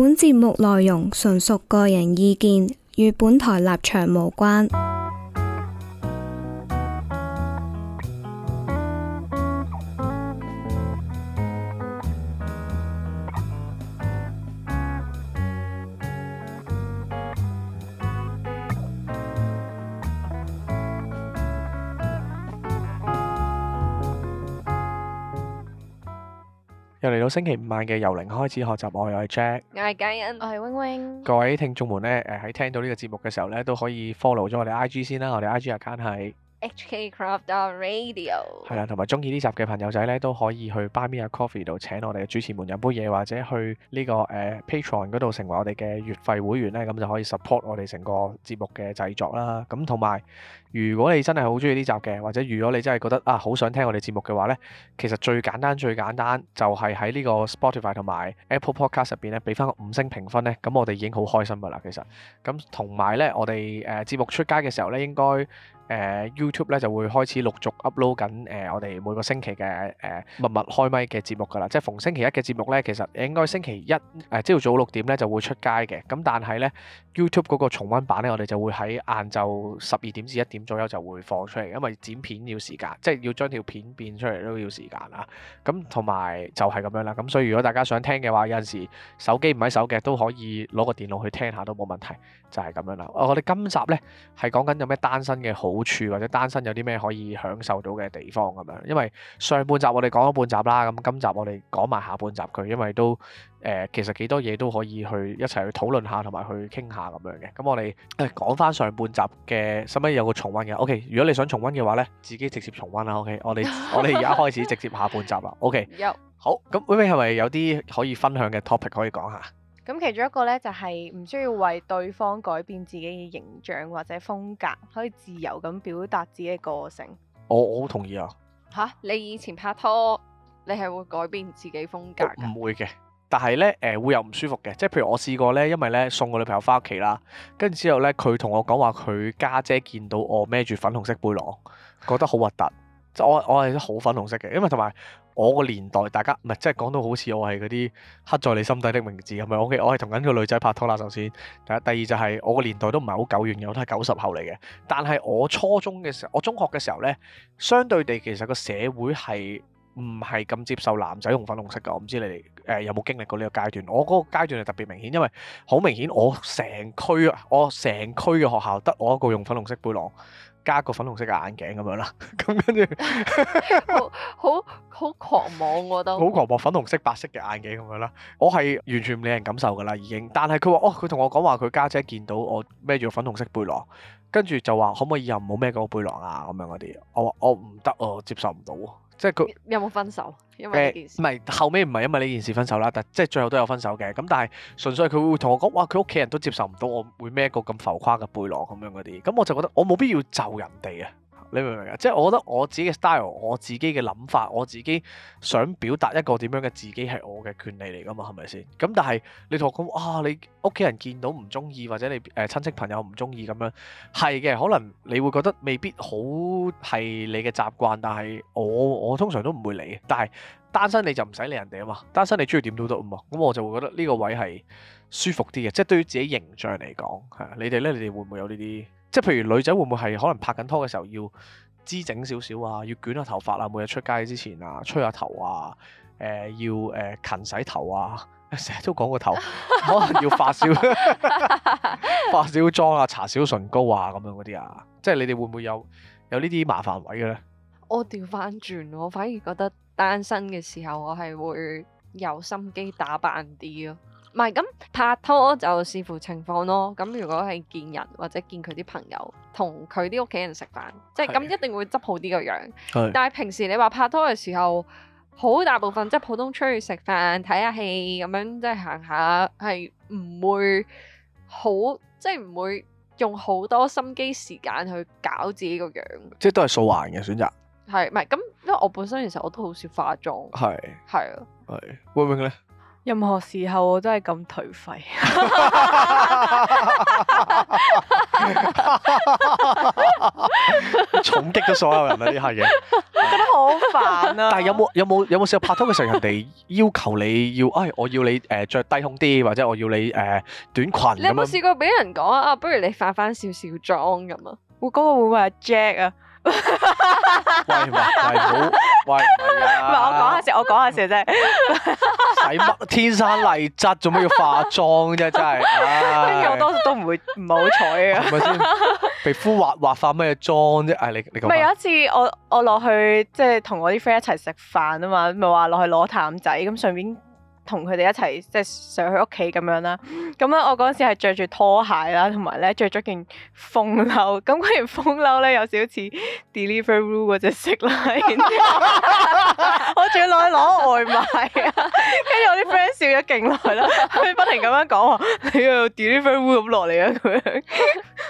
本節目內容純屬個人意見，與本台立場無關。星期五晚嘅由零開始學習，我又係 Jack，我係 Kayan，我係 Wing Wing。各位聽眾們咧，誒、呃、喺聽到呢個節目嘅時候咧，都可以 follow 咗我哋 I G 先啦。我哋 I G account 係 hkcrop radio 係啦，同埋中意呢集嘅朋友仔咧都可以去 Buy Me a Coffee 度請我哋嘅主持們飲杯嘢，或者去呢、這個誒、呃、Patreon 嗰度成為我哋嘅月費會員咧，咁就可以 support 我哋成個節目嘅製作啦。咁同埋。如果你真係好中意呢集嘅，或者如果你真係覺得啊好想聽我哋節目嘅話咧，其實最簡單最簡單就係喺呢個 Spotify 同埋 Apple Podcast 入邊咧俾翻個五星評分咧，咁我哋已經好開心噶啦，其實咁同埋咧我哋誒、呃、節目出街嘅時候咧，應該誒、呃、YouTube 咧就會開始陸續 upload 緊誒、呃、我哋每個星期嘅誒麥麥開咪嘅節目噶啦，即係逢星期一嘅節目咧，其實應該星期一誒朝、呃、早六點咧就會出街嘅，咁但係咧 YouTube 個重溫版咧，我哋就會喺晏晝十二點至一點。點左右就會放出嚟，因為剪片要時間，即係要將條片變出嚟都要時間啦。咁同埋就係咁樣啦。咁所以如果大家想聽嘅話，有陣時手機唔喺手嘅都可以攞個電腦去聽下都冇問題，就係咁樣啦。我哋今集呢係講緊有咩單身嘅好處，或者單身有啲咩可以享受到嘅地方咁樣。因為上半集我哋講咗半集啦，咁今集我哋講埋下半集佢，因為都。誒、呃、其實幾多嘢都可以去一齊去討論下，同埋去傾下咁樣嘅。咁、嗯、我哋講翻上半集嘅，使唔使有個重溫嘅？OK，如果你想重溫嘅話呢，自己直接重溫啦。OK，我哋 我哋而家開始直接下半集啦。OK，有好。咁 Wing 係咪有啲可以分享嘅 topic 可以講下？咁其中一個呢，就係、是、唔需要為對方改變自己嘅形象或者風格，可以自由咁表達自己嘅個性。哦、我我好同意啊！嚇，你以前拍拖，你係會改變自己風格嘅？唔會嘅。但係咧，誒、呃、會有唔舒服嘅，即係譬如我試過咧，因為咧送個女朋友返屋企啦，跟住之後咧，佢同我講話，佢家姐見到我孭住粉紅色背囊，覺得好核突，即係我我係好粉紅色嘅，因為同埋我個年代，大家唔係即係講到好似我係嗰啲刻在你心底的名字咁樣。O、OK? K，我係同緊個女仔拍拖啦，首先，第一，第二就係我個年代都唔係好久遠嘅，我都係九十後嚟嘅。但係我初中嘅時候，我中學嘅時候咧，相對地其實個社會係唔係咁接受男仔用粉紅色嘅，我唔知你哋。誒、欸、有冇經歷過呢個階段？我嗰個階段係特別明顯，因為好明顯我成區啊，我成區嘅學校得我一個用粉紅色背囊，加個粉紅色嘅眼鏡咁樣啦，咁跟住好好，好狂妄，啊，我覺得好狂妄，粉紅色白色嘅眼鏡咁樣啦， 我係完全唔理人感受噶啦已經，但係佢話哦，佢同我講話佢家姐見到我孭住個粉紅色背囊，跟住就話可唔可以又唔好孭個背囊啊咁樣嗰啲，我話我唔得啊，接受唔到。即係佢有冇分手？因為呢件事唔係、呃、後尾唔係因為呢件事分手啦，但即係最後都有分手嘅。咁但係純粹係佢會同我講，哇！佢屋企人都接受唔到我會孭個咁浮誇嘅背囊咁樣嗰啲。咁我就覺得我冇必要就人哋啊。你明唔明啊？即係我覺得我自己嘅 style，我自己嘅諗法，我自己想表達一個點樣嘅自己係我嘅權利嚟㗎嘛？係咪先？咁但係你同我講，啊，你屋企人見到唔中意，或者你誒親戚朋友唔中意咁樣，係嘅，可能你會覺得未必好係你嘅習慣，但係我我通常都唔會理。但係單身你就唔使理人哋啊嘛，單身你中意點都得啊嘛。咁我就會覺得呢個位係舒服啲嘅，即係對於自己形象嚟講，吓，你哋呢，你哋會唔會有呢啲？即係譬如女仔會唔會係可能拍緊拖嘅時候要姿整少少啊，要捲下頭髮啊，每日出街之前啊，吹下頭啊，誒、呃、要誒勤、呃、洗頭啊，成日都講個頭可能要化少化少妝啊，搽少、 啊、唇膏啊咁樣嗰啲啊，即係你哋會唔會有有煩呢啲麻煩位嘅咧？我調翻轉，我反而覺得單身嘅時候，我係會有心機打扮啲咯。唔係咁，拍拖就視乎情況咯。咁如果係見人或者見佢啲朋友同佢啲屋企人食飯，即係咁一定會執好啲個樣。是但係平時你話拍拖嘅時候，好大部分即係、就是、普通出去食飯、睇下戲咁樣，即係行下，係唔會好即係唔會用好多心機時間去搞自己個樣。即係都係素顏嘅選擇。係，唔係咁，因為我本身其實我都好少化妝。係是，係啊是，係是。Wing 咧？任何時候我都係咁頹廢，重擊咗所有人啊！呢下嘢，我覺得好煩啊！但係有冇有冇有冇試過拍拖嘅時候，人哋要求你要，哎，我要你誒着低胸啲，或者我要你誒短裙咁樣。你有冇試過俾人講啊？不如你化翻少少妝咁啊？會嗰個會話 Jack 啊？喂喂喂，唔係我講下先，我講下先，啫。乜天生麗質，做咩要化妝啫？真係，呢、哎、個 我多數都唔會唔好彩啊！係咪先？ 皮膚滑滑，化咩嘢妝啫？哎，你你講咪有一次我我落去即係同我啲 friend 一齊食飯啊嘛，咪話落去攞淡仔咁順便。同佢哋一齊即係上去屋企咁樣啦，咁咧我嗰陣時係著住拖鞋啦，同埋咧着咗件風褸，咁嗰件風褸咧有少少似 deliveroo 嗰隻色啦，然之後我仲要攞攞外賣 啊，跟住我啲 friend 笑咗勁耐啦，佢哋不停咁樣講，話你又 deliveroo 咁落嚟啊咁樣，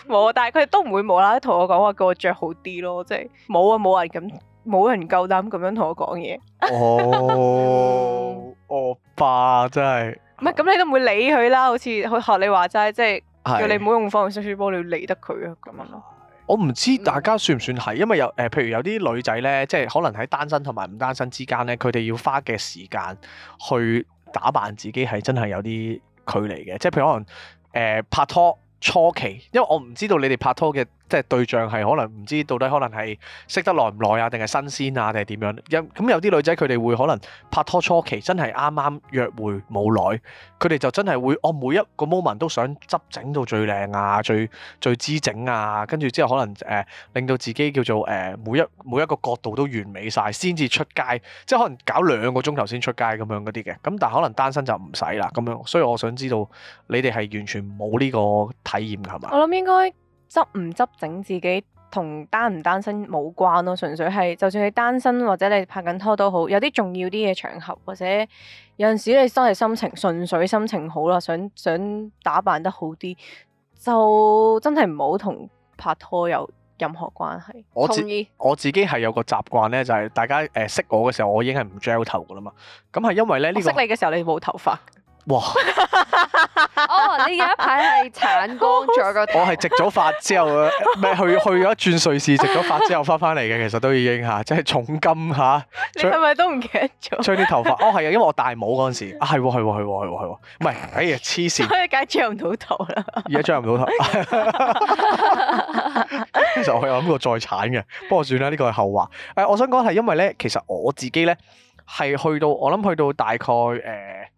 冇 啊，但係佢哋都唔會冇啦啦同我講話，叫我着好啲咯，即係冇啊冇人咁。冇人夠膽咁樣同我講嘢，我我爸真係唔係咁，你都唔會理佢啦。好似學你話齋，即係叫你唔好用方方書書，你要理得佢啊咁樣咯。我唔知大家算唔算係，因為有誒、呃，譬如有啲女仔咧，即係可能喺單身同埋唔單身之間咧，佢哋要花嘅時間去打扮自己係真係有啲距離嘅。即係譬如可能誒、呃、拍拖初期，因為我唔知道你哋拍拖嘅。即係對象係可能唔知到底可能係識得耐唔耐啊，定係新鮮啊，定係點樣？因咁有啲女仔佢哋會可能拍拖初期真係啱啱約會冇耐，佢哋就真係會哦，每一個 moment 都想執整到最靚啊，最最知整啊，跟住之後可能誒、呃、令到自己叫做誒、呃、每一每一個角度都完美晒，先至出街，即係可能搞兩個鐘頭先出街咁樣嗰啲嘅。咁但係可能單身就唔使啦咁樣。所以我想知道你哋係完全冇呢個體驗嘅嘛？我諗應該。執唔執整自己同單唔單身冇關咯，純粹係就算你單身或者你拍緊拖都好，有啲重要啲嘅場合或者有陣時你真係心情純粹心情好啦，想想打扮得好啲，就真係唔好同拍拖有任何關係。我同自意。我自己係有個習慣呢，就係、是、大家誒、呃、識我嘅時候，我已經係唔 gel 頭噶啦嘛。咁係因為咧呢、這個識你嘅時候你，你冇頭髮。哇！ 哦，呢一排係鏟光咗個頭髮。我係植咗髮之後，咪去去咗一轉瑞士植咗髮之後翻翻嚟嘅，其實都已經吓，即係重金吓，啊、你係咪都唔記得咗？吹啲頭髮哦，係啊，因為我戴帽嗰陣時，啊係喎係喎係喎係喎係喎，唔係，哎呀黐線，所以梗係吹唔到頭啦。而家吹唔到頭。 其實我有諗過再鏟嘅，不過算啦，呢、呢個係後話。誒、呃，我想講係因為咧，其實我自己咧係去到我諗去到大概誒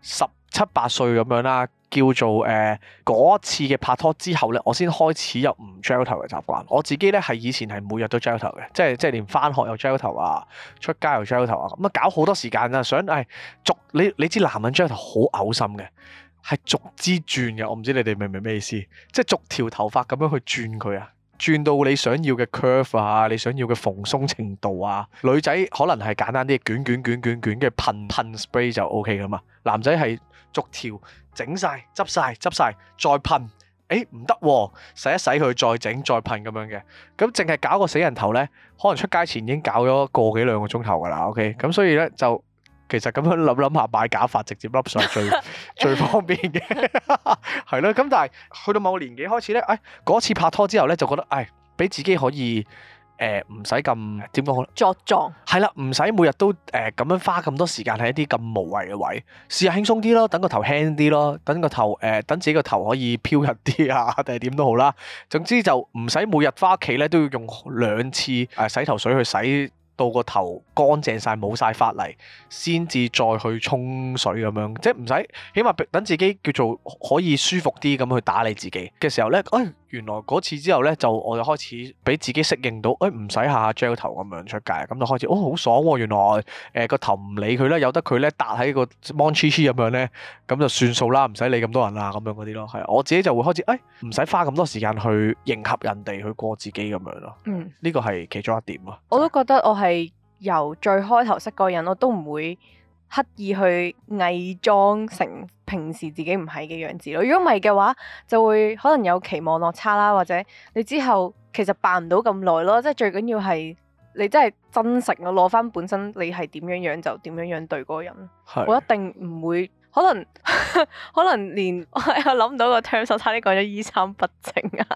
十七八歲咁樣啦。叫做誒嗰、呃、次嘅拍拖之後呢，我先開始有唔 gel 頭嘅習慣。我自己呢，係以前係每日都 gel 頭嘅，即係即係連返學又 gel 頭啊，出街又 gel 頭啊，咁啊搞好多時間啊。想誒逐你你知男人 gel 頭好嘔心嘅，係逐之轉嘅。我唔知你哋明唔明咩意思？即係逐條頭髮咁樣去轉佢啊，轉到你想要嘅 curve 啊，你想要嘅蓬鬆程度啊。女仔可能係簡單啲，捲卷卷卷捲嘅噴噴 spray 就 OK 㗎嘛。男仔係。逐條整晒、執晒、執晒、再噴，誒唔得喎，洗一洗佢，再整、再噴咁樣嘅，咁淨係搞個死人頭呢，可能出街前已經搞咗個幾兩個鐘頭噶啦，OK，咁、嗯嗯、所以呢，就其實咁樣諗諗下擺假髮直接笠上去最方便嘅，係 咯，咁但係去到某年紀開始呢，誒、哎、嗰次拍拖之後呢，就覺得，唉、哎，俾自己可以。誒唔使咁點講好咧，呃、作狀係啦，唔使每日都誒咁、呃、樣花咁多時間喺一啲咁無謂嘅位，試下輕鬆啲咯，等個頭輕啲咯，等個頭誒，等自己個頭可以飄逸啲啊，定係點都好啦。總之就唔使每日翻屋企咧都要用兩次誒洗頭水去洗到個頭乾淨晒，冇晒髮泥，先至再去沖水咁樣，即係唔使起碼等自己叫做可以舒服啲咁去打理自己嘅時候咧。哎原來嗰次之後呢，就我就開始俾自己適應到，誒唔使下下 gel 頭咁樣出街，咁就開始，哦，好爽喎！啊，原來誒個、呃、頭唔理佢啦，由得佢呢搭喺個 monchi chi 咁樣咧，咁就算數啦，唔使理咁多人啦，咁樣嗰啲咯，係我自己就會開始，誒唔使花咁多時間去迎合人哋去過自己咁樣咯。嗯，呢個係其中一點咯。我都覺得我係由最開頭識個人，我都唔會。刻意去偽裝成平時自己唔係嘅樣子咯，如果唔係嘅話，就會可能有期望落差啦，或者你之後其實扮唔到咁耐咯，即係最緊要係你真係真誠啊，攞翻本身你係點樣樣就點樣樣對嗰個人，是我一定唔會，可能 可能連、哎、我諗唔到個 term 差啲首講咗衣衫不整 啊，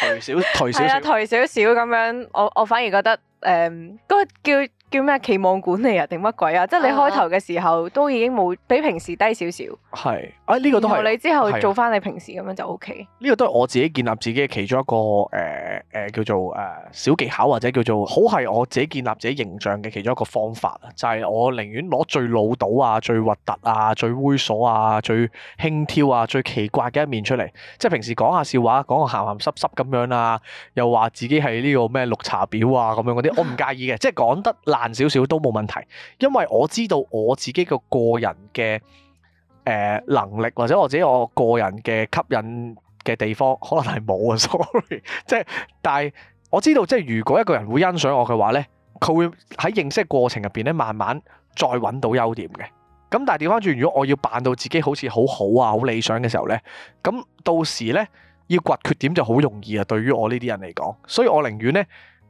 係少少少，頹少少咁樣，我我反而覺得誒嗰、嗯那個叫，叫咩期望管理啊定乜鬼啊？即係你開頭嘅時候都已經冇比平時低少少。係，啊呢個都係。你之後做翻你平時咁樣就 O K。呢個都係我自己建立自己嘅其中一個誒誒叫做誒小技巧或者叫做好係我自己建立自己形象嘅其中一個方法啊，就係我寧願攞最老到啊、最核突啊、最猥瑣啊、最輕佻啊、最奇怪嘅一面出嚟，即係平時講下笑話、講個咸咸濕濕咁樣啊，又話自己係呢個咩綠茶婊啊咁樣嗰啲，我唔介意嘅， 即係講得難扮少少都冇問題，因為我知道我自己個個人嘅誒、呃、能力或者我自己我個人嘅吸引嘅地方可能係冇啊，sorry，即係 但係我知道即係如果一個人會欣賞我嘅話呢，佢會喺認識過程入邊咧慢慢再揾到優點嘅。咁但係調翻轉，如果我要扮到自己好似好好啊、好理想嘅時候呢，咁到時呢，要掘缺點就好容易啊。對於我呢啲人嚟講，所以我寧願呢，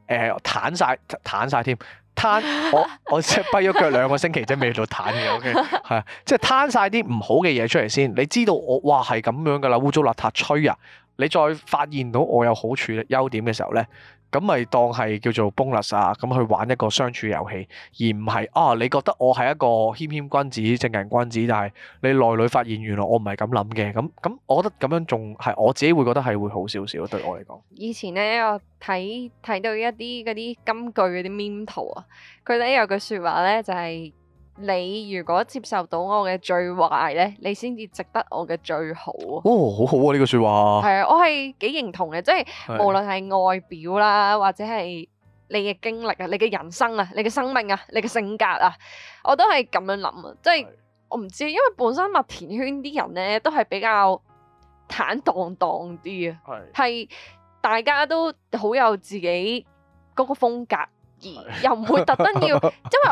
誒、呃、坦晒坦晒添。攤我我即係跛咗腳兩個星期，okay? 即未到攤嘅，OK 係啊，即係攤晒啲唔好嘅嘢出嚟先，你知道我話係咁樣噶啦，污糟邋遢，吹啊！你再發現到我有好處、優點嘅時候咧。咁咪當係叫做 bonus 啊！咁去玩一個相處遊戲，而唔係啊！你覺得我係一個謙謙君子、正人君子，但係你內裏發現，原來我唔係咁諗嘅。咁，咁，我覺得咁樣仲係我自己會覺得係會好少少，對我嚟講。以前咧，我睇，睇到一啲嗰啲金句嗰啲 meme 圖啊，佢哋有句說話咧就係、是。你如果接受到我嘅最壞咧，你先至值得我嘅最好。哦，好好啊，呢個說話係啊，我係幾認同嘅，即係是無論係外表啦，或者係你嘅經歷啊，你嘅人生啊，你嘅生命啊，你嘅性格啊，我都係咁樣諗啊。即係是我唔知，因為本身麥田圈啲人咧都係比較坦蕩蕩啲啊，係是大家都好有自己嗰個風格。又唔會特登要，因為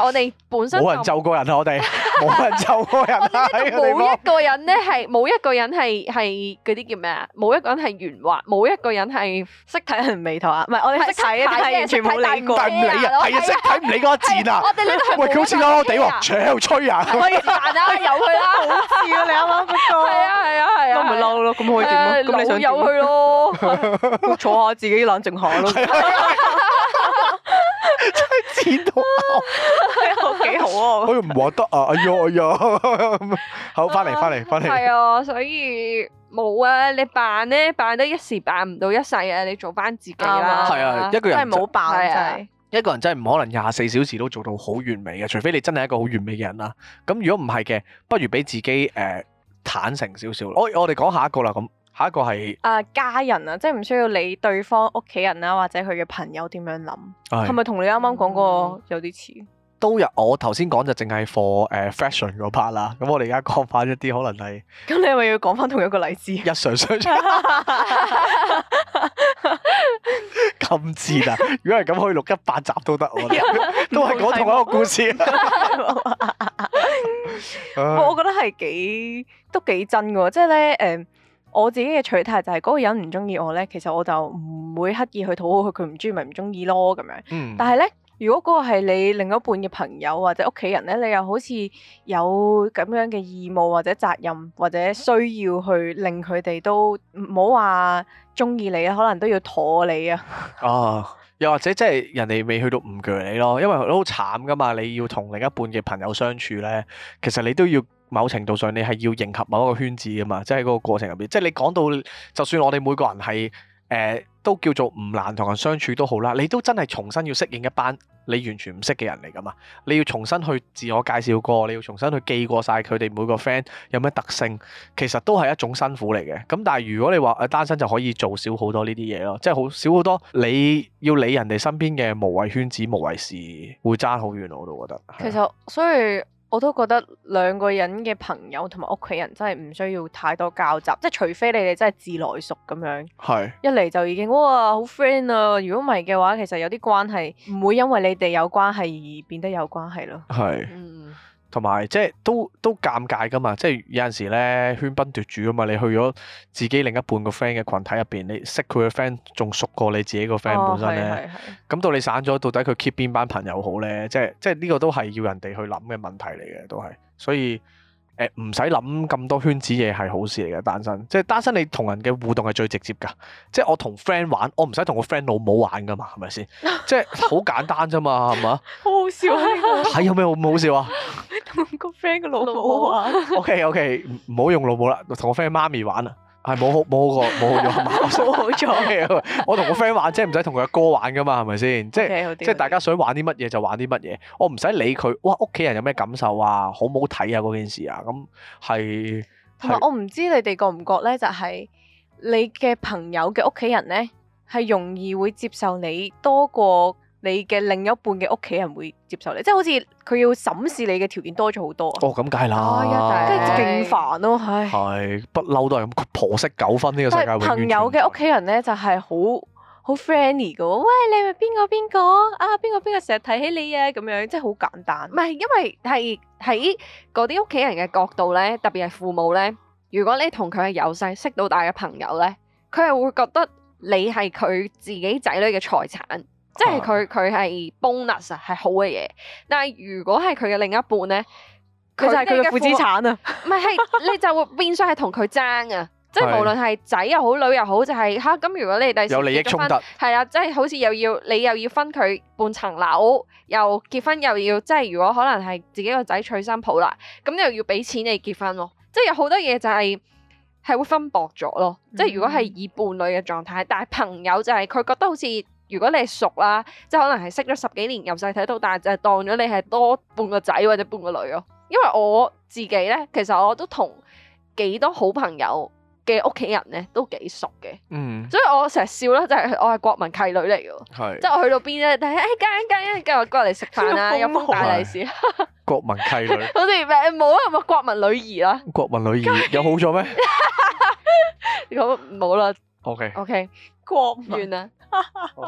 我哋本身冇人就過人啊！我哋冇人就過人啊！我哋呢度冇一個人咧，係冇一個人係係嗰啲叫咩啊？冇一個人係圓滑，冇一個人係識睇人眉頭啊！唔係我哋識睇啊！睇啊！睇大唔理啊！睇啊！識睇唔理個字啊！我哋你係喂佢好似嬲嬲哋王錘喺度吹啊！咁啊，有去啦，好事啊！你啱唔啱？唔錯啊！係啊！係啊！咁咪嬲咯！咁可以點啊？咁你想入去咯？坐下自己冷靜下咯。天都，係、 哎、幾好啊！佢又唔話得啊，哎呀哎呀，好翻嚟翻嚟翻嚟，係啊，所以冇啊，你扮咧扮得一時，扮唔到一世啊，你做翻自己啦，係啊，啊一個人真係唔好扮啊。係，一個人真係唔可能廿四小時都做到好完美嘅，除非你真係一個好完美嘅人啦、啊。咁如果唔係嘅，不如俾自己誒、呃、坦誠少少。我我哋講下一個啦，咁。下一個係啊家人啊，即係唔需要理對方屋企人啊，或者佢嘅朋友點樣諗，係咪同你啱啱講過有啲似，嗯？都有，我頭先講就淨係 for 誒 fashion 嗰 part 啦。咁我哋而家講翻一啲可能係，咁你係咪要講翻同一個例子啊？日常相處咁似啊！如果係咁，可以錄一百集都得我，都係講同一個故事。我我覺得係幾都幾真嘅，即係咧誒。嗯我自己嘅取態就係嗰個人唔中意我呢，其實我就唔會刻意去討好佢，佢唔中意咪唔中意咯咁樣。嗯、但係呢，如果嗰個係你另一半嘅朋友或者屋企人呢，你又好似有咁樣嘅義務或者責任或者需要去令佢哋都唔好話中意你咧，可能都要妥你啊。哦，又或者即係人哋未去到唔拒你咯，因為都好慘噶嘛，你要同另一半嘅朋友相處呢，其實你都要。某程度上，你係要迎合某一個圈子噶嘛，即係嗰個過程入邊。即係你講到，就算我哋每個人係誒、呃、都叫做唔難同人相處都好啦，你都真係重新要適應一班你完全唔識嘅人嚟噶嘛。你要重新去自我介紹過，你要重新去記過晒佢哋每個 friend 有咩特性，其實都係一種辛苦嚟嘅。咁但係如果你話誒單身就可以做少好多呢啲嘢咯，即係好少好多你要理人哋身邊嘅無謂圈子無謂事，會爭好遠我都覺得。其實所以。我都覺得兩個人嘅朋友同埋屋企人真係唔需要太多交集，即係除非你哋真係自來熟咁樣，係一嚟就已經哇好 friend 啊！如果唔係嘅話，其實有啲關係唔會因為你哋有關係而變得有關係咯。係係。嗯同埋即係都都尷尬噶嘛，即係有陣時咧，喧賓奪主啊嘛，你去咗自己另一半個 friend 嘅群體入邊，你識佢個 friend 仲熟過你自己個 friend 本身咧，咁到、哦、你散咗，到底佢 keep 邊班朋友好咧？即係即係呢個都係要人哋去諗嘅問題嚟嘅，都係，所以。誒，唔使諗咁多圈子嘢，係好事嚟嘅，單身即係單身，你同人嘅互動係最直接噶。即係我同 friend 玩，我唔使同個 friend 老母玩噶嘛，係咪先？ 即係好簡單咋嘛，係嘛？好好笑啊！係有咩好好笑啊？同個 friend 嘅老母玩。OK，OK，唔好用老母啦，同個 friend 媽咪玩啦。係冇、哎、好冇好過冇咗，冇咗嘅。好，我同個 friend 玩，即係唔使同佢阿哥玩噶嘛，係咪先？Okay, 即係即係大家想玩啲乜嘢就玩啲乜嘢，我唔使理佢。哇，屋企人有咩感受啊？好唔好睇啊？嗰件事啊，咁係。同埋我唔知你哋覺唔覺咧，就係你嘅朋友嘅屋企人咧，係容易會接受你多過你嘅另一半嘅屋企人會接受你，即係好似佢要審視你嘅條件多咗好多。哦，咁解啦，梗係勁煩咯，係。係不嬲都係咁，婆媳糾紛呢個世界。朋友嘅屋企人咧就係好好 friendly 噶，喂，你係邊個邊個啊？邊個邊個成日提起你啊？咁樣即係好簡單。唔係，因為係喺嗰啲屋企人嘅角度咧，特別係父母咧，如果你同佢係由細識到大嘅朋友咧，佢係會覺得你係佢自己仔女嘅財產。即係佢佢係 bonus 啊，係、bon、好嘅嘢。但係如果係佢嘅另一半咧，佢就係佢嘅負資產啊。唔係，你就會變相係同佢爭啊。 即係無論係仔又好，女又好，就係吓咁。如果你第時有利益衝突，係啊，即係好似又要你又要分佢半層樓，又結婚又要即係。如果可能係自己個仔娶新抱啦，咁又要俾錢你結婚咯。即係有好多嘢就係、是、係會分薄咗咯。即係如果係以伴侶嘅狀態，嗯、但係朋友就係、是、佢覺得好似。如果你係熟啦，即係可能係識咗十幾年，由細睇到大，但係就當咗你係多半個仔或者半個女咯。因為我自己咧，其實我都同幾多好朋友嘅屋企人咧都幾熟嘅。嗯，所以我成日笑啦，就係我係國民契女嚟嘅，即係我去到邊咧，都係哎，跟一跟一跟我過嚟食飯啊，有冇大利是？國民契女，我哋唔好啊，係咪國民女兒啦，國民女兒有好咗咩？好冇啦～O K O K，國唔完啊了，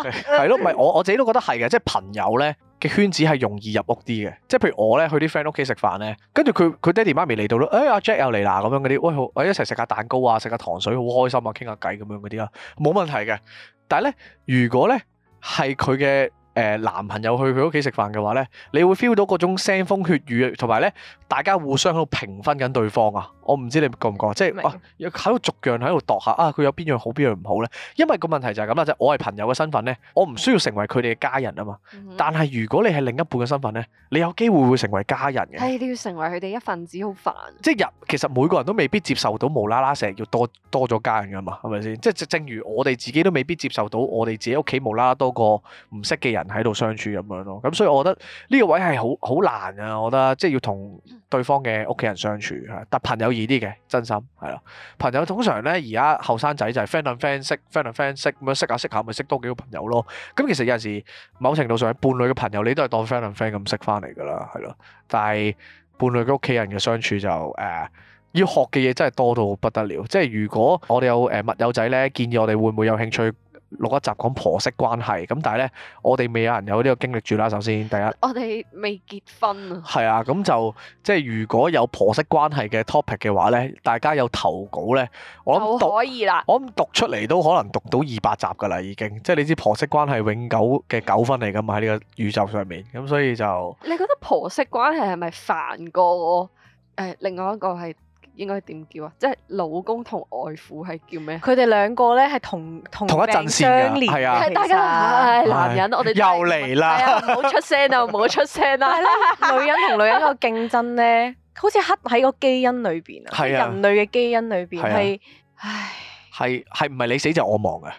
係咯 Okay. 唔係我我自己都覺得係嘅，即係朋友咧嘅圈子係容易入屋啲嘅，即係譬如我咧去啲 friend 屋企食飯咧，跟住佢佢爹哋媽咪嚟到咯，誒、哎、阿、啊、Jack 又嚟啦咁樣嗰啲，喂好我一齊食下蛋糕啊，食下糖水，好開心啊，傾下偈咁樣嗰啲啦，冇問題嘅。但係咧如果咧係佢嘅。誒男朋友去佢屋企食飯嘅話呢，你會 feel 到嗰種腥風血雨，同埋呢大家互相喺度評分緊對方啊！我唔知你覺唔覺，即係啊喺度逐樣喺度度下啊，佢有邊樣好邊樣唔好呢？因為個問題就係咁啦，即、就、係、係、我係朋友嘅身份呢，我唔需要成為佢哋嘅家人啊嘛。係但係如果你係另一半嘅身份呢，你有機會會成為家人嘅。係你要成為佢哋一份子，好煩。即係入其實每個人都未必接受到無啦啦成日要多多咗家人噶嘛，係咪先？即正正如我哋自己都未必接受到我哋自己屋企無啦啦多過唔識嘅人。喺度相處咁樣咯，咁所以我覺得呢個位係好好難啊！我覺得即係要同對方嘅屋企人相處吓，但朋友易啲嘅，真心係啦。朋友通常呢，而家後生仔就係 friend 同 friend 識，friend 同 friend 識咁樣識下識下，咪識，識，識多幾個朋友咯。咁其實有陣時，某程度上伴侶嘅朋友，你都係當 friend 同 friend 咁識翻嚟噶啦，係咯。但係伴侶嘅屋企人嘅相處就誒、呃，要學嘅嘢真係多到不得了。即係如果我哋有誒密友仔呢，建議我哋會唔會有興趣？六一集講婆媳關係，咁但係咧，我哋未有人有呢個經歷住啦。首先第一，我哋未結婚啊。係啊，咁就即係如果有婆媳關係嘅 topic 嘅話咧，大家有投稿咧，我諗可以啦。我諗讀出嚟都可能讀到二百集噶啦，已經。即係你知婆媳關係永久嘅糾紛嚟噶嘛？喺呢個宇宙上面，咁所以就你覺得婆媳關係係咪煩過誒、哎、另外一個係？應該點叫啊？即係老公同外父係叫咩？佢哋兩個咧係同同一陣時相連嘅，係啊，大家係男人，我哋又嚟啦，唔好出聲啊，唔好出聲啦。女人同女人個競爭咧，好似刻喺個基因裏邊啊，人類嘅基因裏邊係，唉，係係唔係你死就我亡嘅。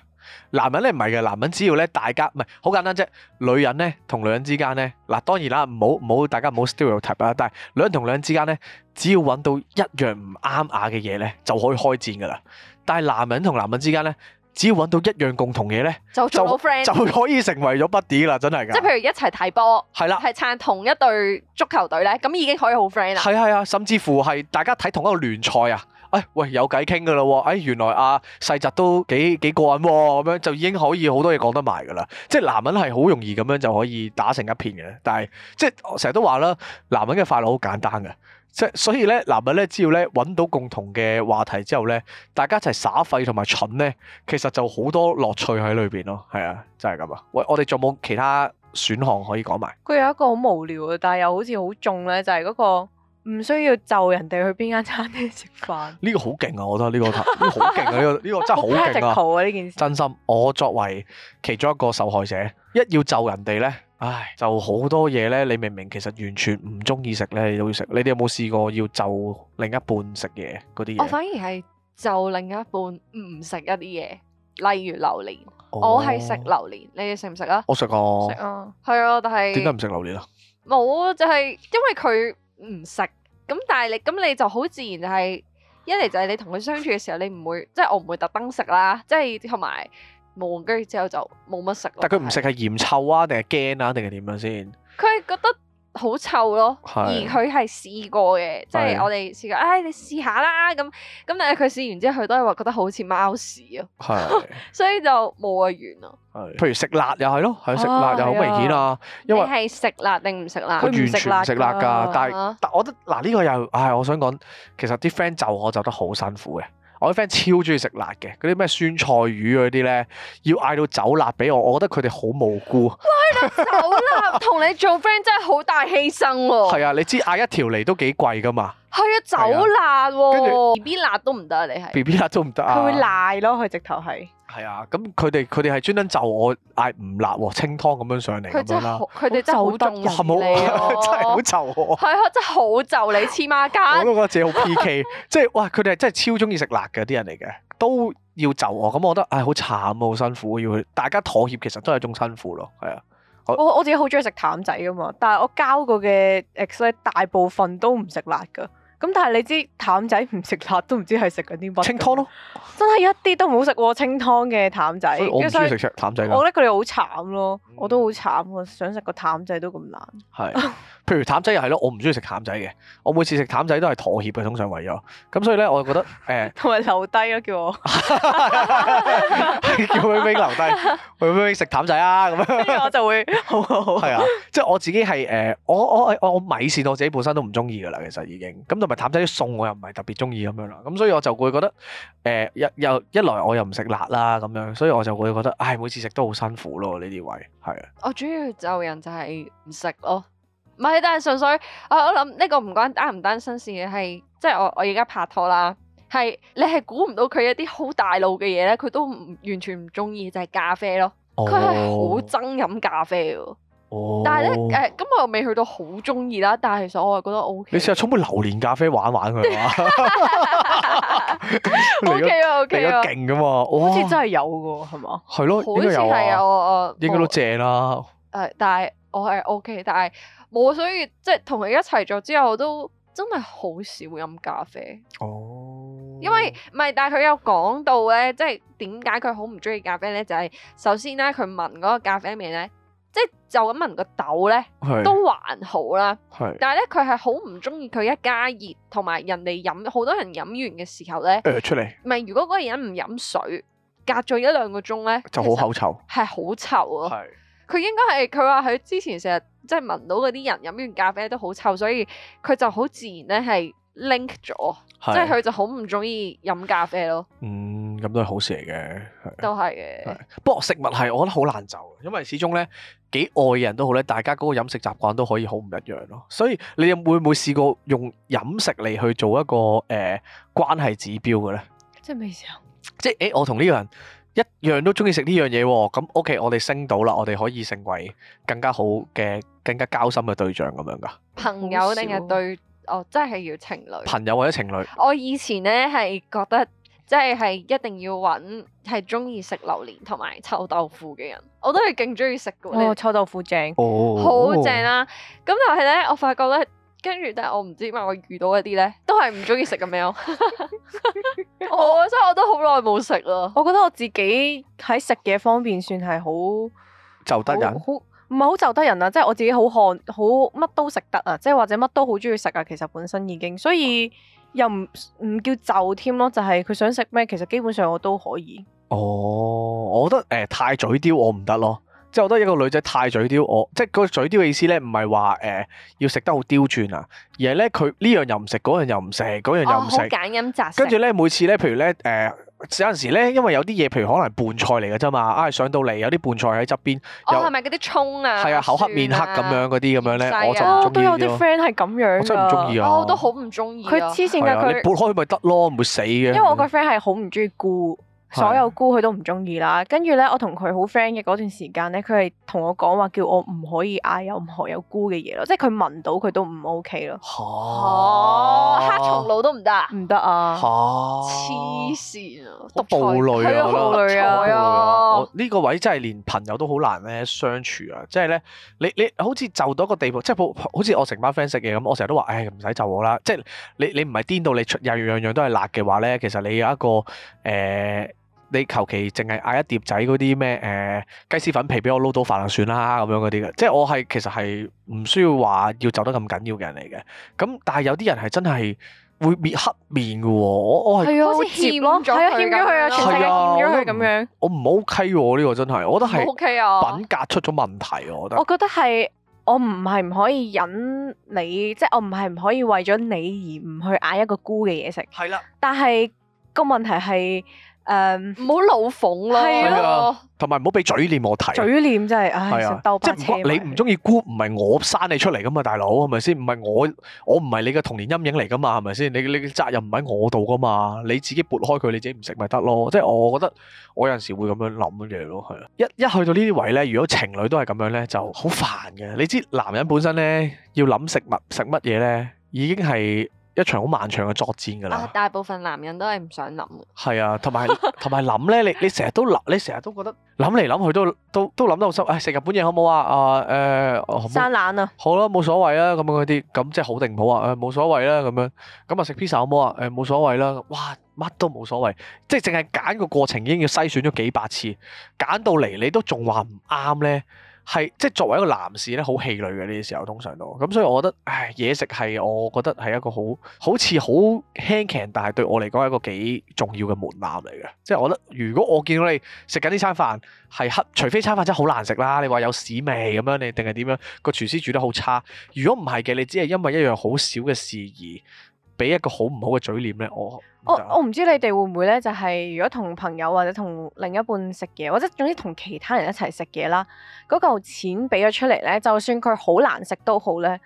男人咧唔係嘅，男人只要咧大家唔係好簡單啫。女人咧同女人之間咧，嗱當然啦，唔好唔好大家唔好 stereotype 啦。但係女人同女人之間咧，只要揾到一樣唔啱雅嘅嘢咧，就可以開戰噶啦。但係男人同男人之間咧，只要揾到一樣共同嘢咧，就做 friend 就，就可以成為咗 buddy 啦，真係噶。即係譬如一齊睇波，係啦的，係撐同一隊足球隊咧，咁已經可以好 friend 啦。係係啊，甚至乎係大家睇同一個聯賽啊。誒、哎、喂，有偈傾噶啦喎！誒、哎，原來阿細澤都幾幾過癮咁、哦、樣，就已經可以好多嘢講得埋噶啦。即係男人係好容易咁樣就可以打成一片嘅。但係即係我成日都話啦，男人嘅快樂好簡單嘅。即係所以咧，男人咧只要咧搵到共同嘅話題之後咧，大家一齊耍廢同埋蠢咧，其實就好多樂趣喺裏邊咯。係啊，就係咁啊。喂，我哋仲冇其他選項可以講埋。佢有一個好無聊嘅，但係又好似好重咧，就係、是、嗰、那個。唔需要就人哋去邊間餐廳食飯，呢個好勁啊！我覺得呢個好勁 啊！呢個、呢個真係好勁啊！呢件事真心，我作為其中一個受害者，一要就人哋呢，唉，就好多嘢呢。你明明其實完全唔中意食咧，你都要食。你哋有冇試過要就另一半食嘢嗰啲嘢？我反而係就另一半唔食一啲嘢，例如榴蓮，哦、我係食榴蓮。你哋食唔食啊？我食啊，食啊，係啊，但係點解唔食榴蓮啊？冇啊，就係因為佢。唔食，咁但係你咁你就好自然就係一嚟就係你同佢相處嘅時候，你唔會，即係我唔會特登食啦，即係同埋跟住之後就冇乜食。但佢唔食係嫌臭啊，定係驚啊，定係點樣先？佢係覺得。好臭咯，而佢係試過嘅，是即係我哋試過，唉、哎，你試下啦，咁咁，但係佢試完之後，佢都係話覺得好似貓屎啊，是 所以就冇個緣咯。是譬如食辣又係咯，係食辣、啊、又好明顯啊，啊，因為係食辣定唔食辣？佢完全唔食辣噶，但係、啊、但我覺得嗱呢、呃呢個又唉，我想講，其實啲 friend 就我就得好辛苦嘅。我啲 friend 超中意食辣嘅，嗰啲咩酸菜魚嗰啲咧，要嗌到走辣俾我，我覺得佢哋好無辜。喂，你走辣同 你做 friend 真係好大犧牲喎、啊。係啊，你知嗌一條嚟都幾貴㗎嘛。係啊，走辣、啊，跟住 B B 辣都唔得、啊，你係。B B 辣都唔得、啊。佢會賴咯，佢直頭係。係啊，咁佢哋佢哋係專登就我嗌唔辣喎，清湯咁樣上嚟咁樣啦。佢哋真係好，好重視、啊、 你，真係好就我。係啊，真係好就你黐孖筋。我都覺得自己好 P K，即係哇！佢哋係真係超中意食辣嘅啲人嚟嘅，都要就我。咁我覺得唉，好、哎、慘啊，好辛苦要大家妥協，其實都係種辛苦咯。係啊，我我，我自己好中意食淡仔噶嘛，但係我交過嘅 ex 咧，ux, 大部分都唔食辣嘅。咁但係你知淡仔唔食辣都唔知係食緊啲乜？清湯咯，真係一啲都唔好食喎！清湯嘅淡仔，我唔中意食淡仔。我覺得佢哋好慘咯，我都好慘，想食個淡仔都咁難。係，譬如淡仔又係咯，我唔中意食淡仔嘅。我每次食淡仔都係妥協嘅，通常為咗。咁所以咧，我就覺得誒，同、呃、埋留低咯，叫我， 叫 Vivi 留低，Vivi 食淡仔啊咁樣。我就會好好 好。係啊， 即係我自己係誒，我我我米線我，我，我，我自己本身都唔中意噶啦，其實已經。咁同埋。淡仔啲餸我又唔係特別中意咁樣啦，咁所以我就會覺得，誒、呃，又又一,一來我又唔食辣啦咁樣，所以我就會覺得，唉、哎，每次食都好辛苦咯呢啲位，係啊。我主要就人就係唔食咯，唔係，但係純粹，我我諗呢個唔關單唔單身事嘅，係即係我我而家拍拖啦，係你係估唔到佢一啲好大路嘅嘢咧，佢都唔完全唔中意，就係、是、咖啡咯，佢係好憎飲咖啡哦。但係咧，誒，咁我又未去到好中意啦。但係其實我又覺得 O K。你試下沖杯榴蓮咖啡玩玩佢啊！O K 啊，O K 啊，勁噶嘛，好似真係有噶，係嘛？係咯，好似係啊。我應該都正啦。誒，但係我係 O K，但係冇，所以即係同佢一齊咗之後，都真係好少飲咖啡。哦。因為唔係，但係佢有講到咧，即係點解佢好唔中意咖啡咧？就係首先咧，佢聞嗰個咖啡味咧。即係就咁聞個豆咧，是都還好啦。是但係咧，佢係好唔中意佢一加熱，同埋人哋飲，好多人飲完嘅時候咧、呃，出嚟。唔係，如果嗰個人唔飲水，隔咗一兩個鐘咧，就好口臭，係好臭啊，係佢是應該係佢話佢之前成日即係聞到嗰啲人飲完咖啡都好臭，所以佢就好自然咧係 link 咗，是即係佢就好唔中意飲咖啡咯。嗯，咁都係好事嚟嘅，都係嘅。不過食物係我覺得好難走，因為始終咧。.幾愛嘅人都好咧，大家嗰個飲食習慣都可以好唔一樣咯，所以你有會唔會試過用飲食嚟,去做一個誒關係指標嘅咧？即係咩意思？即係誒，我同呢個人一樣都中意食呢樣嘢，咁 OK，我哋升到啦，我哋可以成為更加好嘅，更加交心嘅對象咁樣噶。朋友定係對？哦，真係要情侶。朋友或者情侶。我以前咧係覺得。即係係一定要揾係中意食榴蓮同埋臭豆腐嘅人，我都係勁中意食嘅。哇、哦，臭豆腐正，哦，好正啦！咁但係咧，我發覺咧，跟住但係我唔知點解我遇到一啲咧，都係唔中意食嘅咩。我所以我都好耐冇食啦。我覺得我自己喺食嘢方面算係好就得人，好唔係好就得人啊！即係我自己好漢，好乜都食得啊！即係或者乜都好中意食啊！其實本身已經所以。又唔唔叫就添咯，就係佢想食咩，其實基本上我都可以。哦，我覺得誒太嘴刁我唔得咯，即係我覺得一個女仔太嘴刁我，即係個嘴刁嘅意思咧，唔係話誒要食得好刁鑽啊，而係咧佢呢樣又唔食，嗰樣又唔食，嗰樣又唔食，哦，揀飲擇食。跟住咧，每次咧，譬如咧，誒。有陣時咧，因為有啲嘢，譬如可能係伴菜嚟嘅啫嘛，啊、哎、上到嚟有啲伴菜喺側邊，有哦係咪嗰啲蔥啊？係啊，口黑面黑咁樣嗰啲咁樣咧，了我就唔中意。都有啲 friend 係咁樣，真係唔中意啊，我都好唔中意。佢黐線噶，佢撥開咪得咯，唔會死嘅。因為我個 friend 係好唔中意菇。嗯所有菇佢都唔中意啦，呢，跟住咧我同佢好 friend 嘅嗰段時間咧，佢係同我講話叫我唔可以嗌任何有菇嘅嘢咯，即係佢聞到佢都唔 OK 咯。嚇蛤、啊！黑松露都唔得？唔得啊！嚇！黐線啊！毒暴女啊！裁啊！呢、啊、個位真係連朋友都好難咧相處啊！即係咧，你你好似就到一個地步，即、就、係、是、好似我成班 friend 食嘢咁，我成日都話，唉唔使就我啦！即、就、係、是、你你唔係顛到你出又樣樣都係辣嘅話咧，其實你有一個誒。呃你求其淨係嗌一碟仔嗰啲咩，誒，雞絲粉皮俾我撈到飯就算啦，咁樣嗰啲嘅，即係我係其實係唔需要話要走得咁緊要嘅人嚟嘅。咁但係有啲人係真係會滅黑面嘅，我對我係係啊，好似欠咗佢欠咗佢咁樣，我唔好 ok 喎呢個真係，我覺得係樣、OK、品格出咗問題，我覺得、OK 啊。我覺得係我唔係唔可以忍你，即係我唔係唔可以為咗你而唔去嗌一個菇嘅嘢食。係啦的，但係個問題係。誒，唔好老奉咯，係啊、嗯，同埋唔好俾嘴臉我睇。嘴臉真係，唉的，即係你唔中意菇，唔係我生你出嚟噶嘛，大佬係咪先？唔係我，我唔係你嘅童年陰影嚟噶嘛，係咪先？你你嘅責任唔喺我度噶嘛，你自己撥開佢，你自己唔食咪得咯。即係我覺得我有陣時會咁樣諗嘅嘢咯，係啊。一一去到呢啲位咧，如果情侶都係咁樣咧，就好煩嘅。你知男人本身咧要諗食物食乜嘢咧，已經係。一場好漫長嘅作戰㗎喇、啊，大部分男人都係唔想諗嘅。係啊，同埋同埋諗咧，你你成日都諗，你成日都，都覺得諗嚟諗去都都都諗得好深。唉、哎，食日本嘢好唔好啊？啊，誒、呃，好好生冷啊，好啦，冇所謂啊。咁樣嗰啲，咁即係好定唔好啊？誒，冇所謂啦，咁樣，咁啊食披薩好唔好啊？誒，冇所謂啦，哇，乜都冇所謂，即係淨係揀個過程已經要篩選咗幾百次，揀到嚟你都仲話唔啱呢。係即係作為一個男士呢，好氣餒嘅呢啲時候通常都咁、嗯，所以我覺得，唉，嘢食係我覺得係一個好好似好輕鬆，但係對我嚟講係一個幾重要嘅門檻嚟嘅。即係我覺得，如果我見到你食緊呢餐飯係黑，除非餐飯真係好難食啦，你話有屎味咁樣，你定係點樣個廚師煮得好差。如果唔係嘅，你只係因為一樣好少嘅事宜。俾一個好唔好嘅嘴臉咧，我我我唔知你哋會唔會咧，就係如果同朋友或者同另一半食嘢，或者總之同其他人一齊食嘢啦，嗰嚿錢俾咗出嚟咧，就算佢好難食都好咧，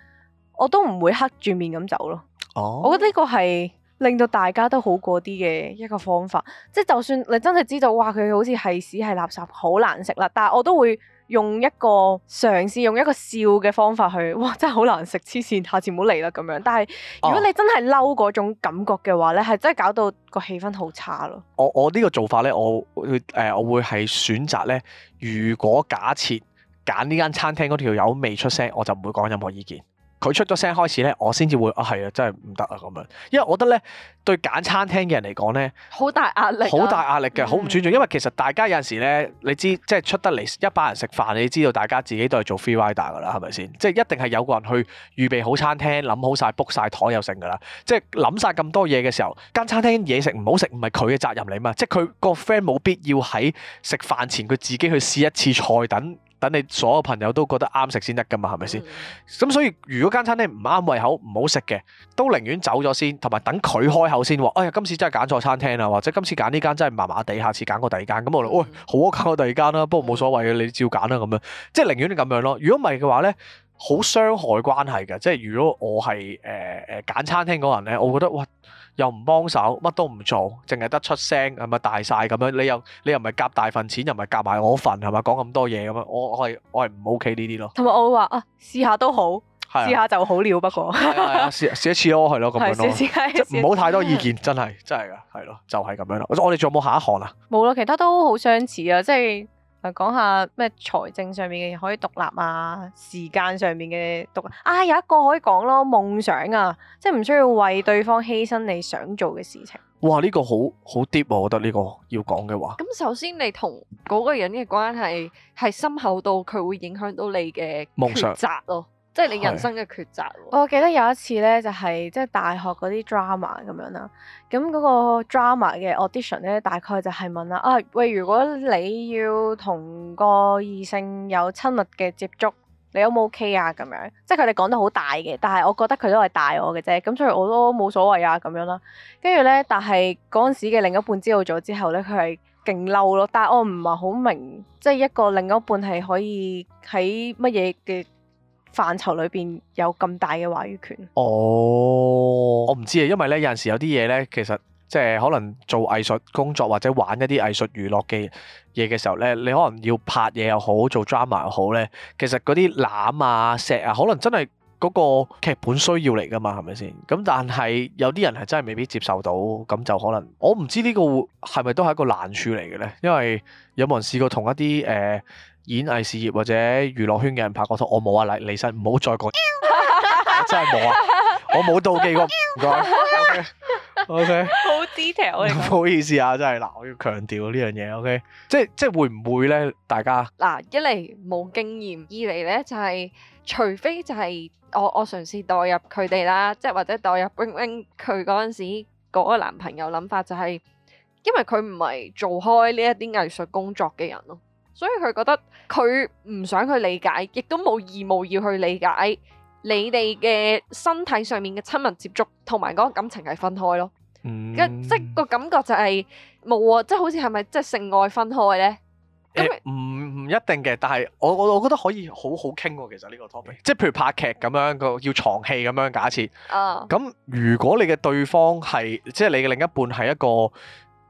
我都唔會黑住面咁走咯。哦，我覺得呢個係令到大家都好過啲嘅一個方法，即係就算你真係知道哇，佢好似係屎係垃圾，好難食啦，但係我都會。用一個嘗試用一個笑嘅方法去，哇！真係好難食，黐線，下次唔好嚟啦咁樣。但係如果你真係嬲嗰種感覺嘅話呢，係真係搞到個氣氛好差咯。我我呢個做法呢，我誒、呃、我會係選擇呢，如果假設揀呢間餐廳嗰條友未出聲，我就唔會講任何意見。佢出咗聲開始咧，我先至會啊，係啊，真係唔得啊咁樣，因為我覺得咧，對揀餐廳嘅人嚟講咧，好大壓力，啊，好大壓力嘅，好唔尊重。因為其實大家有陣時咧，你知即係出得嚟一班人食飯，你知道大家自己都係做 free rider 噶啦，係咪先？即係一定係有個人去預備好餐廳，諗好晒 book 晒枱又成噶啦。即係諗晒咁多嘢嘅時候，間餐廳嘢食唔好食，唔係佢嘅責任嚟嘛？即係佢個 friend 冇必要喺食飯前佢自己去試一次菜等。等你所有朋友都覺得啱食先得㗎嘛，係咪先？咁、嗯、所以如果間餐廳唔啱胃口，唔好食嘅，都寧願走咗先，同埋等佢開口先話：哎呀，今次真係揀錯餐廳啊！或者今次揀呢間真係麻麻地，下次揀個第二間。咁我哋喂、哎、好啊，揀個第二間啦，不過冇所謂嘅，你照揀啦咁樣，即係寧願你咁樣咯。如果唔係嘅話呢，好傷害關係嘅。即係如果我係誒誒揀餐廳嗰人呢，我覺得哇～、呃又唔幫手，乜都唔做，淨係得出聲，係咪大晒咁樣？你又你又唔係夾大份錢，又唔係夾埋我份，係咪？講咁多嘢咁樣，我我係我係唔 OK 呢啲咯。同埋我會話啊，試下都好，試下就好了。不過係啊，試試一次咯，係咯咁樣咯，唔好太多意見，真係真係㗎，係咯，就係咁樣啦。我哋仲有冇下一行啊？冇啦，其他都好相似啊，即係。誒，講下咩財政上面嘅可以獨立啊，時間上面嘅獨立啊，有一個可以講咯，夢想啊，即係唔需要為對方犧牲你想做嘅事情。哇，呢、呢個好好 deep，我覺得呢個要講嘅話。咁首先你同嗰個人嘅關係係深厚到佢會影響到你嘅夢想、抉擇咯。即係你人生嘅抉擇。是我記得有一次咧，就係即係大學嗰啲 drama 咁樣啦。咁嗰個 drama 嘅 audition 咧，大概就係問啦，啊喂，如果你要同個異性有親密嘅接觸，你有冇 OK 啊？咁樣即係佢哋講得好大嘅，但係我覺得佢都係大我嘅啫。咁所以我都冇所謂啊咁樣啦。跟住咧，但係嗰陣時嘅另一半知道咗之後咧，佢係勁嬲咯。但係我唔係好明，即係一個另一半係可以喺乜嘢嘅範疇裏邊有咁大嘅話語權？哦，我唔知啊，因為咧有陣時有啲嘢咧，其實即係可能做藝術工作或者玩一啲藝術娛樂嘅嘢嘅時候咧，你可能要拍嘢又好，做 drama 又好咧，其實嗰啲攬啊、錫啊，可能真係嗰個劇本需要嚟㗎嘛，係咪先？咁但係有啲人係真係未必接受到，咁就可能我唔知呢個係咪都係一個難處嚟嘅咧，因為有冇人試過同一啲誒，呃演藝事業或者娛樂圈嘅人拍過拖，我冇啊！嚟嚟生唔好再講， 我真係冇啊！我冇妒忌過，唔該。O K，好 detail，唔好意思啊！真係嗱，我要強調，okay? 呢樣嘢。O K，即係即係會唔會咧？大家嗱，一嚟冇經驗，二嚟咧就係、是、除非就係我我嘗試代入佢哋啦，即係或者代入 Wing Wing 佢嗰陣時嗰個男朋友諗法，就是，就係因為佢唔係做開呢一啲藝術工作嘅人咯。所以佢覺得佢唔想去理解，亦都冇義務要去理解你哋嘅身體上面嘅親密接觸，同埋嗰個感情係分開咯。嗯，即係個感覺就係冇啊，即係好似係咪即係性愛分開咧？唔唔、欸、一定嘅，但係我我我覺得可以好好傾，啊。其實呢個 topic，即係譬如拍劇咁樣，個叫床戲咁樣假設啊。咁、哦、如果你嘅對方係即係你嘅另一半係一個誒、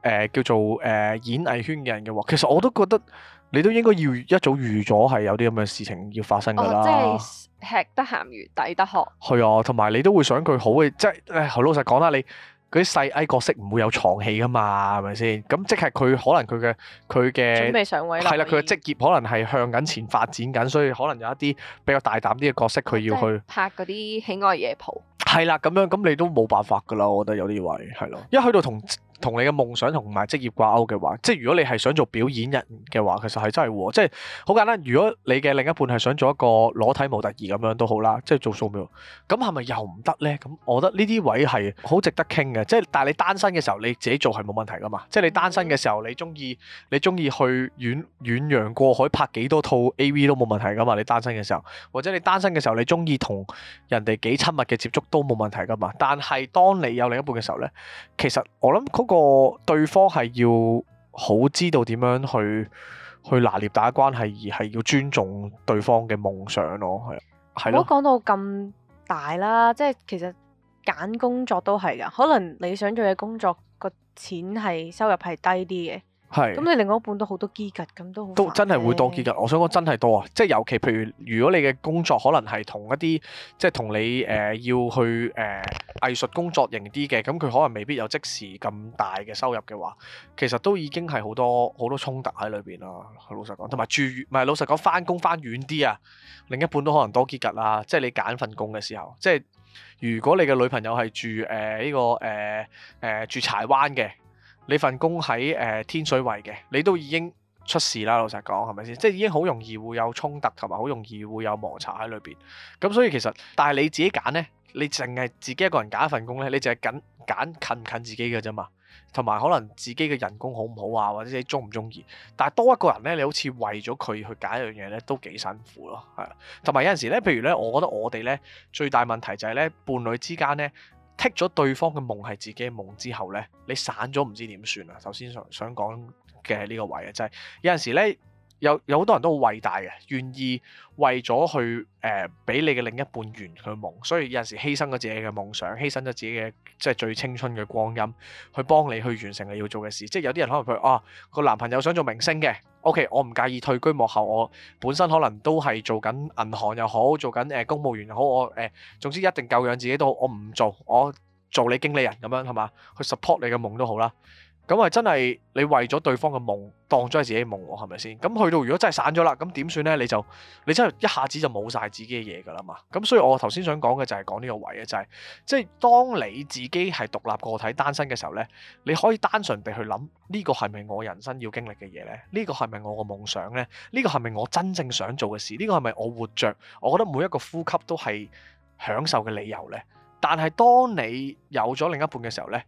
呃、叫做誒、呃、演藝圈嘅人嘅話，其實我都覺得。你都應該要一早預咗係有啲咁嘅事情要發生㗎啦。哦，即係吃得鹹魚抵得渴。係啊，同埋你都會想佢好嘅，即係誒，老實講啦，你嗰啲細 A 角色唔會有床戲㗎嘛，係咪先？咁即係佢可能佢嘅佢嘅準備上位啦。係啦的，佢嘅職業可能係向緊前發展緊，所以可能有一啲比較大膽啲嘅角色，佢要去拍嗰啲喜愛夜蒲。係啦，咁樣咁你都冇辦法㗎啦，我覺得有啲位係咯。一去到同。同你嘅夢想同埋職業掛鈎嘅話，即係如果你係想做表演人嘅話，其實係真係喎，即係好簡單。如果你嘅另一半係想做一個裸體模特兒咁樣都好啦，即係做素描，咁係咪又唔得呢？咁我覺得呢啲位係好值得傾嘅，即係但係你單身嘅時候，你自己做係冇問題噶嘛。即係你單身嘅時候，你中意你中意去遠遠洋過海拍幾多套 AV 都冇問題噶嘛。你單身嘅時候，或者你單身嘅時候，你中意同人哋幾親密嘅接觸都冇問題噶嘛。但係當你有另一半嘅時候呢，其實我諗個對方係要好知道點樣去去拿捏大家關係，而係要尊重對方嘅夢想咯。係咯，如果講到咁大啦，即係其實揀工作都係㗎，可能你想做嘅工作個錢係收入係低啲嘅。係，咁你另外一半都好多基格，咁都好，都真係會多基格。我想講真係多啊，即係尤其譬如，如果你嘅工作可能係同一啲，即係同你誒、呃、要去誒、呃、藝術工作型啲嘅，咁佢可能未必有即時咁大嘅收入嘅話，其實都已經係好多好多衝突喺裏邊咯。老實講，同埋住，唔係老實講，返工返遠啲啊，另一半都可能多基格啦。即係你揀份工嘅時候，即係如果你嘅女朋友係住誒呢、呃呢個誒誒、呃呃、住柴灣嘅。你份工喺誒、呃、天水圍嘅，你都已經出事啦。老實講，係咪先？即係已經好容易會有衝突，同埋好容易會有摩擦喺裏邊。咁所以其實，但係你自己揀呢，你淨係自己一個人揀一份工呢，你淨係緊揀近唔近自己嘅啫嘛。同埋可能自己嘅人工好唔好啊，或者你中唔中意。但係多一個人呢，你好似為咗佢去揀一樣嘢呢，都幾辛苦咯。係，同埋有陣時呢，譬如呢，我覺得我哋呢，最大問題就係呢，伴侶之間呢。剔咗對方嘅夢係自己嘅夢之後咧，你散咗唔知點算啊！首先想想講嘅係呢個位啊，就係有陣時咧。有有好多人都好偉大嘅，願意為咗去誒俾、呃、你嘅另一半圓佢夢，所以有陣時犧牲咗自己嘅夢想，犧牲咗自己嘅即係最青春嘅光陰去幫你去完成你要做嘅事。即係有啲人可能佢啊個男朋友想做明星嘅，OK，我唔介意退居幕後，我本身可能都係做緊銀行又好，做緊誒公務員又好，我誒、呃、總之一定夠養自己都好，我唔做，我做你經理人咁樣係嘛，去 support 你嘅夢都好啦。咁啊，真係你為咗對方嘅夢，當咗係自己夢，係咪先？咁去到如果真係散咗啦，咁點算呢？你就你真係一下子就冇晒自己嘅嘢噶啦嘛！咁所以我頭先想講嘅就係講呢個位啊，就係即係當你自己係獨立個體單身嘅時候呢，你可以單純地去諗呢個係咪我人生要經歷嘅嘢呢？呢個係咪我嘅夢想呢？呢個係咪我真正想做嘅事？呢個係咪我活着，我覺得每一個呼吸都係享受嘅理由呢。但係當你有咗另一半嘅時候呢。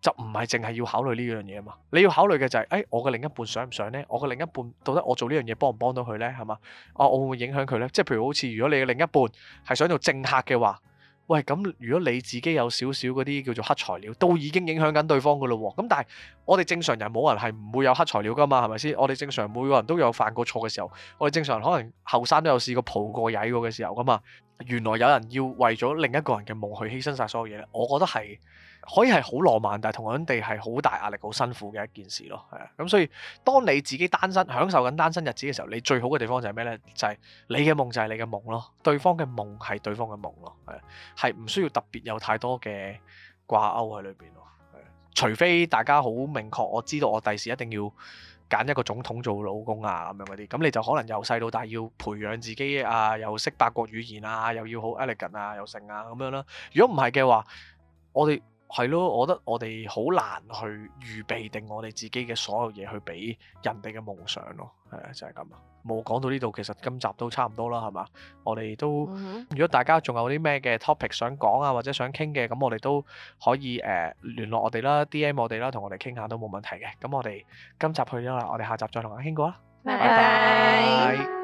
就唔係淨係要考慮呢樣嘢啊嘛，你要考慮嘅就係、是，誒、哎，我嘅另一半想唔想呢？我嘅另一半到底我做呢樣嘢幫唔幫到佢呢？係嘛？啊、哦，我會唔會影響佢呢？即係譬如好似如果你嘅另一半係想做政客嘅話，喂，咁如果你自己有少少嗰啲叫做黑材料，都已經影響緊對方噶咯喎。咁但係我哋正常人冇人係唔會有黑材料噶嘛，係咪先？我哋正常每個人都有犯過錯嘅時候，我哋正常人可能後生都有試過蒲過曳過嘅時候噶嘛。原來有人要為咗另一個人嘅夢去犧牲晒所有嘢，我覺得係。可以係好浪漫，但係同樣地係好大壓力、好辛苦嘅一件事咯，係啊。咁所以當你自己單身、享受緊單身日子嘅時候，你最好嘅地方就係咩呢？就係你嘅夢就係你嘅夢咯，對方嘅夢係對方嘅夢咯，係唔需要特別有太多嘅掛鈎喺裏邊咯，除非大家好明確，我知道我第時一定要揀一個總統做老公啊咁樣嗰啲，咁你就可能由細到大要培養自己啊，又識八國語言啊，又要好 elegant 啊，又成啊咁樣啦。如果唔係嘅話，我哋。係咯，我覺得我哋好難去預備定我哋自己嘅所有嘢，去俾人哋嘅夢想咯，係啊，就係咁啊。冇講到呢度，其實今集都差唔多啦，係嘛。我哋都、嗯、哼如果大家仲有啲咩嘅 topic 想講啊，或者想傾嘅，咁我哋都可以誒、呃、聯絡我哋啦，DM 我哋啦，同我哋傾下都冇問題嘅。咁我哋今集去咗啦，我哋下集再同你傾過啦。拜拜 bye。Bye bye